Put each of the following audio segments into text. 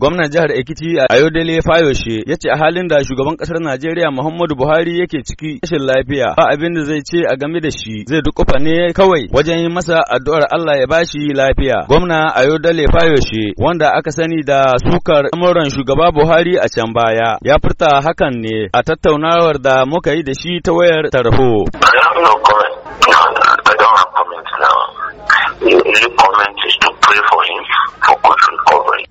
Gwamnan jihar Ekiti a Ayodele Fayoshe ya ce a halin da shugaban kasar Najeriya Muhammadu Buhari yake ciki rashin lafiya ba abin da zai ce a game da shi zai dukufa ne kawai wajen yi masa addu'ar Allah ya bashi lafiya. Gwamna Ayodele Fayoshe wanda aka sani da sukar amuran shugaba Buhari a can baya ya furta hakan ne a tattaunawar da muka yi da shi ta wayar tarho.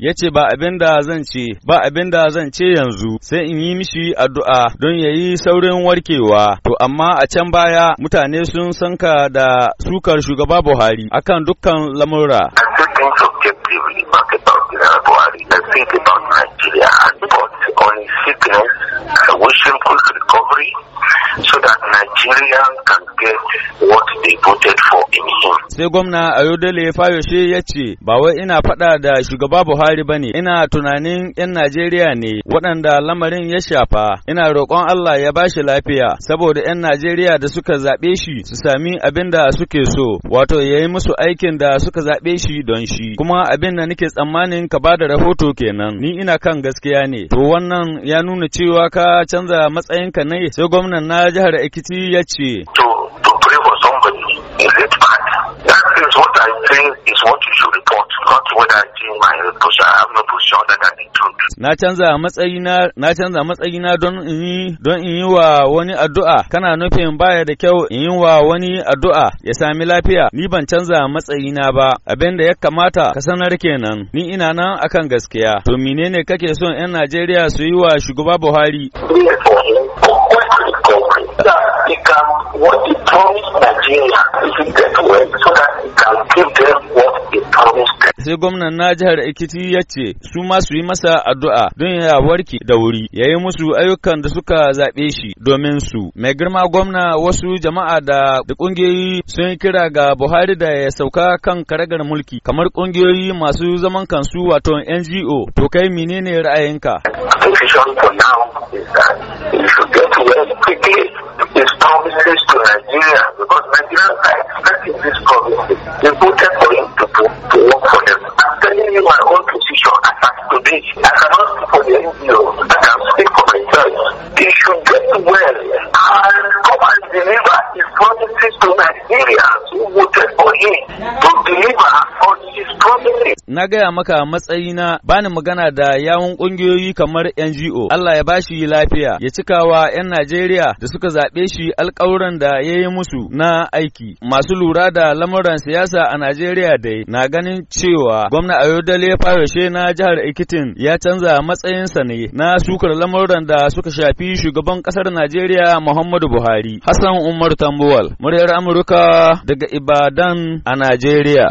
ya ce ba abin da zan ce ba abin da zan ce yanzu sai in yi mishi addu'a don ya yi saurin warkewa to amma a can baya mutane sun sanka da sukar shugaba Buhari akan dukkan lamura. So that Nigeria can get what they voted for. Sai gwamna Ayodele Fayoshe ya ce ba wai ina faɗa da shugaba Buhari ba ne, ina tunanin 'yan Najeriya ne waɗanda lamarin ya shafa. Ina roƙon Allah ya bashi lafiya saboda 'yan Najeriya da suka zaɓe shi su sami abin da suke so, wato ya yi musu aikin da suka zaɓe shi don shi. Kuma abin da nake tsammanin ka ba da rahoto kenan, ni ina kan gaskiya ne. To wannan ya nuna cewa ka canza matsayinka ne sai gwamnan na jihar Ekiti ya ce. To Na canza matsayi na don in yi don in yi wa wani addu'a kana nufin baya da kyau in yi wa wani addu'a ya sami lafiya ni ban canza matsayina ba abin da ya kamata ka sanar kenan ni ina nan akan gaskiya to menene kake son 'yan Najeriya su yi wa shugaba Buhari? Nigeria. If so that can give them what sai gwamnan na jihar Ekiti ya ce su ma su yi masa addu'a don ya warke da wuri ya yi musu ayyukan da suka zaɓe shi domin su. Mai girma gwamna wasu jama'a da ƙungiyoyi sun kira ga Buhari da ya sauka kan karagar mulki kamar ƙungiyoyi masu zaman kansu wato NGO to kai menene ra'ayinka? His promises to Nigeria because Nigerians are expecting these promises. They voted teach. I cannot speak for the NGO. I can speak for myself. They should get well and come and deliver Na gaya maka matsayi na bani magana da yawun ƙungiyoyi kamar NGO. Allah ya bashi lafiya ya cikawa 'yan Najeriya da suka zaɓe shi alƙawuran da ya yi musu na aiki. Masu lura da lamuran siyasa a Najeriya dai na ganin cewa gwamna Ayodele Fayoshe na jihar Ekitin ya canza matsayinsa ne na sukar lamuran da suka shafi shugaban ƙasar Najeriya Muhammadu Buhari. Hassan Umar Tambuwal, muryar Amurka daga Ibadan a Najeriya.